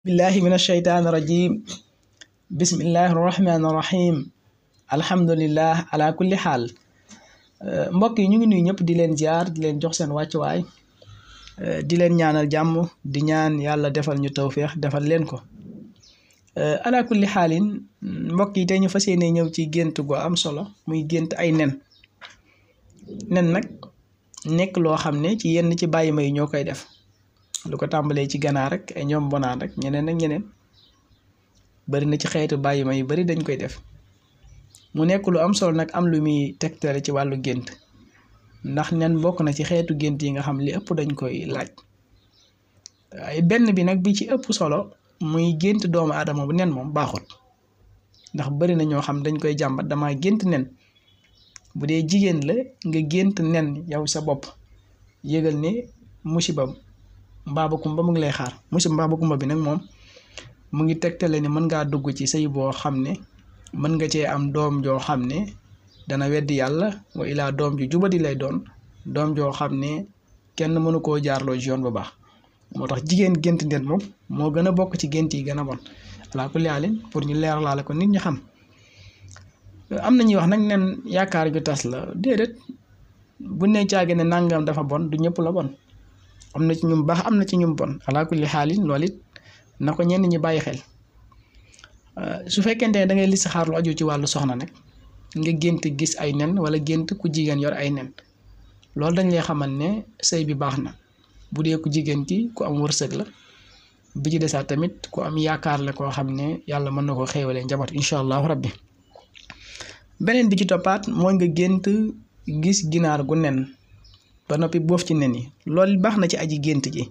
billahi min asheytaan irajim bismillahi irrahmani irrahim alhamdulilah ala kulli xaal eh, mbokk yi ñu ngi nuyu ñëpp di leen ziar di leen jox seen wàccuwaay eh, di leen ñaanal jàmm di ñaan yàlla defal ñu tawféex defal leen ko eh, ala kulli xaalin mbokk yi tey ñu fas yéene ñëw ci gént gu am solo muy gént ay nen nen nag nekk loo xam ne ci yenn ci bàyyi may ñoo koy def lu ko tàmbalee ci ganaar rek ay ñoom bonaan rek ñeneen ak ñeneen bari na ci xeetu bàyyi ma yi bari dañ koy def mu nekk lu am solo nag am lu muy tegtale ci wàllu gént ndax nen bokk na ci xeetu gént yi nga xam li ëpp dañ koy laaj waaye benn bi nag bi ci ëpp solo muy gént doomu aadama bu nen moom baaxul ndax bari na ñoo xam dañ koy jàmbat dama gént nen bu dee jigéen la nga gént nen yow sa bopp yëgal ne musibam Mbaba Kumba mu ngi lay xaar monsieur Mbaba Kumba bi nag moom mu ngi teg tegtale ni mën ngaa dugg ci sëy boo xam ne mën nga cee am doom joo xam ne dana weddi yàlla wa ilaa doom ju di lay doon doom joo xam ne kenn mënu koo jaarloo ci yoon bu baax moo tax jigéen gént ndeen moom moo gën a bokk ci gént yi gën a bon alaa kulli haalin pour ñu leer laa la ko nit ñu xam am na ñuy wax nag nen yaakaar ju tas la déedéet bu ne caagi ne nàngam dafa bon du ñëpp la am na ci ñum baax am na ci ñum bon ala kulli xaalin loolu it na ko ñenn ñi bàyyi xel euh, su fekkente ne da ngay listixaar lu aju ci wàllu soxna nag nga gént gis ay nen wala gént ku jigéen yor ay nen loolu dañ lay xamal ne sëy bi baax na bu dee ku jigéen ki ku am wërsëg la bi ci desaat tamit ku am yaakaar la koo xam ne yàlla mën na koo xéewalee njaboot incha allahu bi beneen bi ci toppaat mooy nga gént gis ginaar gu nen ba noppi boof ci nen yi loolu baax na ci aji gént ji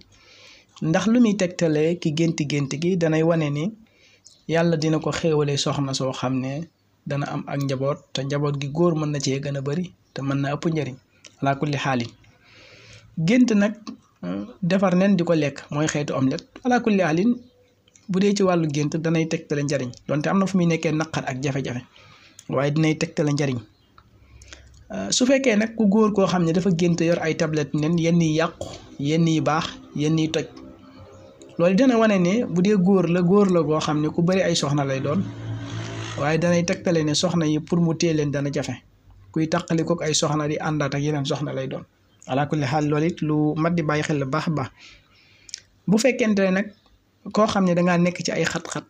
ndax lu muy tegtale ki gént gént gi danay wane ni yàlla dina ko xéewale soxna soo xam ne dana am ak njaboot te njaboot gi góor mën na cee gën a bari te mën na ëpp njariñ alaa kulli xaalin gént nag hmm, defar nen di ko lekk mooy xeetu omelette alaa xaalin bu dee ci wàllu gént danay tegtale njariñ donte am na fu muy nekkee naqar ak jafe-jafe waaye dinay tegtale njariñ Euh, su fekkee nag ku góor koo xam ne dafa gént yor ay tablet nen yenn yi yàqu yenn yi baax yenn yi toj loolu dana wane ne bu dee góor la góor la goo xam ne ku bari ay soxna lay doon waaye danay tegtale ne soxna yi pour mu téye leen dana jafe kuy taqali kook ay soxna di àndaat ak yeneen soxna lay doon ala kulli xaal loolu it lu mat di bàyyi xel baax baax bu fekkente ne nag koo xam ne danga nekk ci ay xat-xat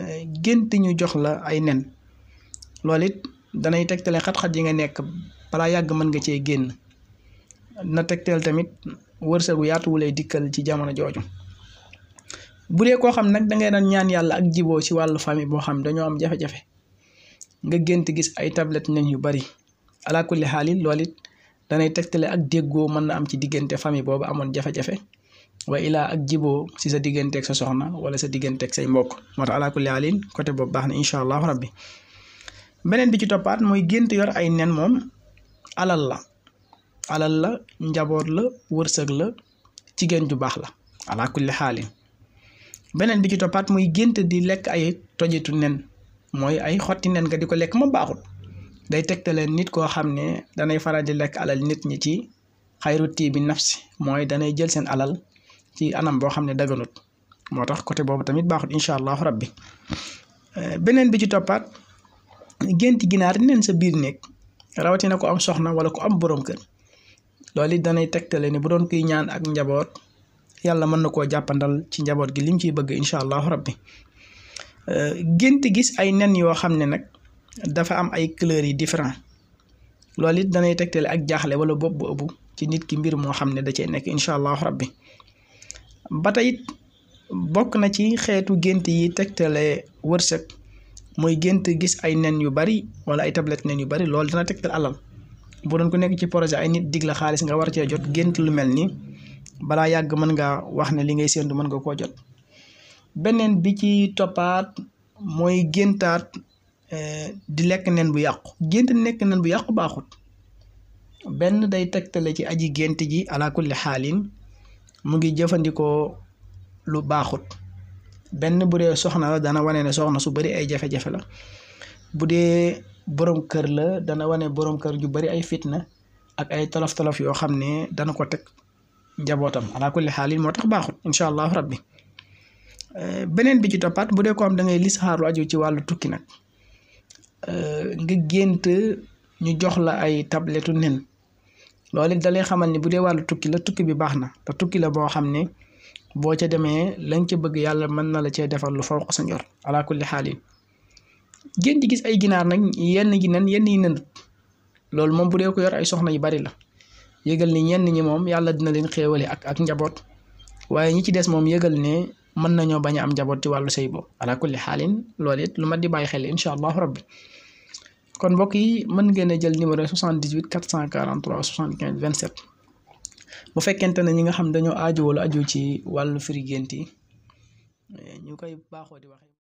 eh, gént ñu jox la ay nen loolu danay tegtale xat-xat yi nga nekk balaa yàgg mën nga cee génn na tegtal tamit wërsëgu yaatu wu lay dikkal ci jamono jooju bu dee koo xam nag dangay daan ñaan yàlla ak jibo ci wàllu famille boo xam dañoo am jafe nga gént gis ay tablette nañ yu bari ala kulli xaal it loolu it danay ak déggoo mën na am ci diggante famille boobu amoon jafe-jafe wa ak jiboo si sa digganteeg sa soxna wala sa digganteeg say mbokk moo tax ala kulli xaal côté boobu baax na incha allahu rabbi beneen bi ci toppaat mooy gént yor ay nen moom alal la alal la njaboot la wërsëg la jigéen ju baax la ala kulli xaalin beneen bi ci toppaat mooy gént di lekk ay tojitu nen mooy ay xotti nen nga di ko lekk ma baaxul day tegtale nit koo xam ne danay faral di lekk alal nit ñi ci xayru tii bi nafsi mooy danay jël seen alal ci anam boo xam ne daganut moo tax côté boobu tamit baaxul incha allahu rabbi beneen bi ci toppaat gént ginaar di sa biir néeg rawatina ko am soxna wala ko am boroom kër loolu it danay tegtale ni bu doon kuy ñaan ak njaboot yàlla mën na koo jàppandal ci njaboot gi lim ciy bëgg incha allahu rabbi euh, gént gis ay nen yoo xam ne nag dafa am ay couleurs yi différent loolu it danay tegtale ak jaaxle wala bopp bu ëpp ci nit ki mbir moo xam ne da cee nekk incha allahu rabbi ba tey bokk na ci xeetu gént yi tegtale wërsëg. mooy gént gis ay nen yu bari wala ay tablette nen yu bari loolu dana tegtal alal bu doon ku nekk ci projet ay nit dig xaalis nga war cee jot gént lu mel ni balaa yàgg mën nga wax ne li ngay séntu mën nga koo jot beneen bi ci toppaat mooy géntaat eh, di lekk nen bu yàqu gént nekk nen bu yàqu baaxut benn day tegtale ci aji gént ji ala kulli xaalin mu ngi jëfandikoo lu baaxut benn bu dee soxna la dana wane ne soxna su bari ay jafe-jafe la bu dee borom kër la dana wane borom kër ju bari ay fitna ak ay tolof-tolof yoo xam ne dana ko teg njabootam ala kulli xaalin moo tax baaxut incha allahu rabbi eh, beneen bi ci toppaat bu dee ko am da ngay lis lu aju ci wàllu tukki nag eh, nga gént ñu jox la ay tabletu nen loolu it dalay xamal ni bu dee wàllu tukki la tukki bi baax na te tukki la boo xam ne boo ca demee lañ ca bëgg yàlla mën na la cee defar lu fawq sa njor ala kulli xaalin génn di gis ay ginaar nag yenn yi nen yenn yi loolu moom bu dee ko yor ay soxna yu bari la yëgal ni ñenn ñi moom yàlla dina leen xéewale ak ak njaboot waaye ñi ci des moom yëgal ne mën nañoo bañ a am njaboot ci wàllu sëy boobu ala kulli xaalin loolu it lu ma di bàyyi xel incha allahu rabbi kon mbokk yi mën ngeen a jël numéro 78 443 75 27 bu fekkente ne ñi nga xam dañoo aaju wala aju ci wàllu firi gént yi ñu koy baaxoo di waxee.